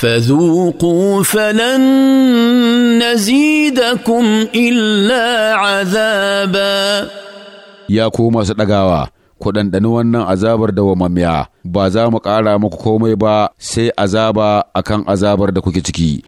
فذوقوا فلن نزيدكم إلا عذابا يا كوما ستقاوا ku ɗanɗani wannan azabar da wamamiya ba za mu ƙara muku komai ba sai azaba akan azabar da kuke ciki